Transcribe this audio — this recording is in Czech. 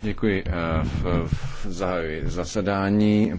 Děkuji. Eh, zahajuji zasedání.